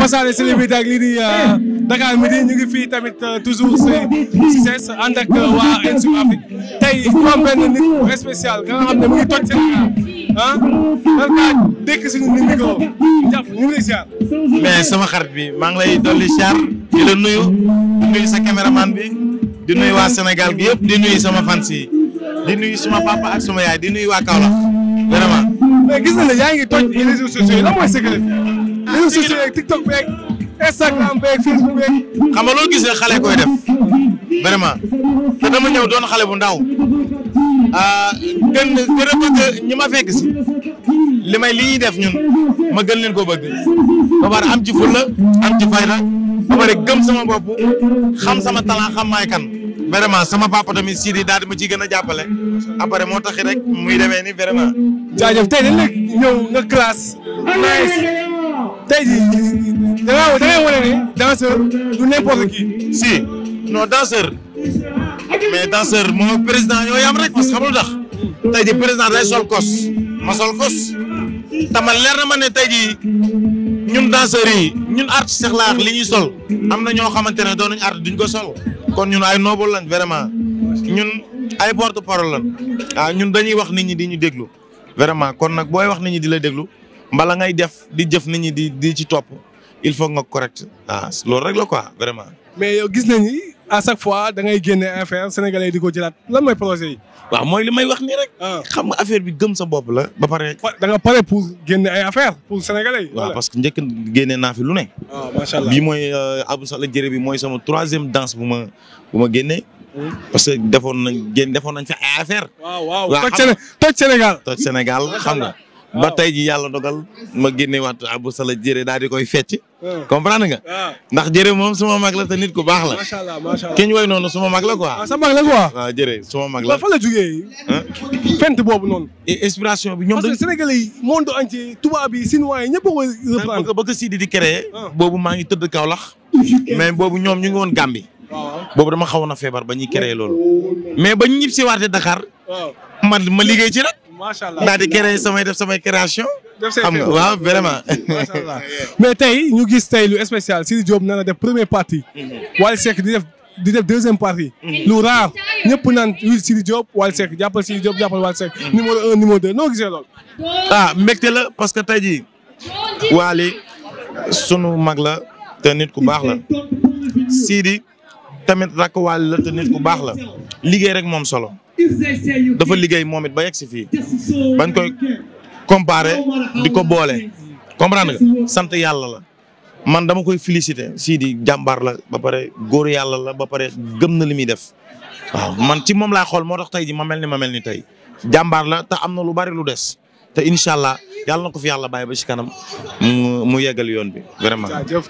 wasaare célébrité ak lii di ah, eh! Dakar Midi ñu ngi fii tamit euh, toujours si CICES ànd ak euh, waa Insub Afrique tey comme benn nit spécial nga xam ne mu ngi toj Sénégal ah lan laa dégg suñu nit ñi ko jàpp ñu ngi mais sama xarit bi maa ngi lay dolli ziar di la nuyu di nuyu sa caméraman bi di nuyu waa Sénégal gi yëpp di nuyu sama fans yi di nuyu suma papa ak suma yaay di nuyu waa Kaolack vraiment. mais gis na ne yaa ngi toj réseaux sociaux yi lan mooy secret réseaux sociaux yeeg TikTok beeg Instagram beeg Facebook beeg. xam nga loo gis ne xale koy def vraiment te dama ñëw doon xale bu ndaw gën gën a ñi ma fekk si li may li ñuy def ñun ma gën leen ko bëgg ba pare am ci fulla am ci fayda ba pare gëm sama bopp xam sama talent xam maay kan. vraiment sama papa tamit Sidi daal di ma ciy gën a jàppale après moo taxi rek muy demee ni vraiment. jaajëf tey dañ la ñëw nga classe. nice tey jii da ngaa da ngay wane ne danseur du n'importe qui. si non danseur mais danseur moom président ñoo rek parce que xam lu tax tey jii président day sol kos ma sol kos te man leer na ma ne tey jii ñun danseurs yi ñun artistes sax li ñuy sol am na ñoo xamante ne doon nañu art duñ ko sol kon ñun ay noble lañ vraiment ñun ay porte parole lañ waaw ah, ñun dañuy wax nit ñi di ñu déglu vraiment kon nag booy wax nit ñi di la déglu. mbala ngay def di jëf nit di di ci topp il faut nga correct ah loolu rek la quoi vraiment. mais yow gis nañ ni à chaque fois da ngay génne affaire sénégalais di ko jëlaat la may projet yi. waaw mooy li may wax nii rek. Ah. xam nga bi gëm sa bopp la ba pare. da nga pare pour génne ay affaire pour sénégalais yi. waaw parce que njëkk génne naa fi lu ne. waaw ah, macha allah bii mooy euh, Abou Sall jërë bi mooy sama troisième danse bu ma bu ma génnee. Hmm. parce que defoon nañ génn defoon nañ fi ay affaire. waaw waaw toj Sénégal toj Sénégal xam nga. ba tey ji yàlla dogal ma génne waat Abou Sala jëre daal di koy fecc. Hmm. comprendre nga. ndax jëre moom suma mag la te nit ku baax la. macha allah macha allah ki ñu woy noonu suma mag la quoi. ah sa mag la quoi. waaw ah, jëre suma mag la. fa la jugee. fent boobu noonu. inspiration bi ñoom. parce que sénégalais yi monde entier tubaab yi chinois yi ba ko Sidi di créé. Ah. boobu maa ngi tëdd Kaolack. mais boobu ñoom ñu ngi woon Gambie. Ah. boobu dama xawoon a feebar ba ñuy créé loolu. mais ba ñu ñibbisiwaatee Dakar. ma liggéey ci rek. macha allah di créé samay def samay création. xam waaw vraiment. mais tey ñu gis tey lu spécial Sidy Diop na la def première partie. Mhm. Wally Seck di def di def deuxième partie. Mhm. lu rare ñëpp naan wii Sidy Diop Wally Seck jàppal Sidy Diop jàppal Wally Seck. Mhm. numéro un numéro deux noo ah mbégte la parce que tey jii. Wally sunu mag la te ku baax la. Sidy tamit rakk Wally la te nit ku baax la. liggéey rek moom solo. dafa liggéey moom it ba yegg si fii bañ koy comparer di ko boole comprendre nga sant yàlla la man dama koy féliciter di jàmbaar la ba pare góor yàlla la ba pare gëm na li muy def waaw man ci moom laa xool moo tax tey ji ma mel ni ma mel ni tey jàmbaar la te am na lu bari lu des te incha allah yàlla na ko fi yàlla bàyyi ba ci kanam mu yeggal yoon bi vraiment.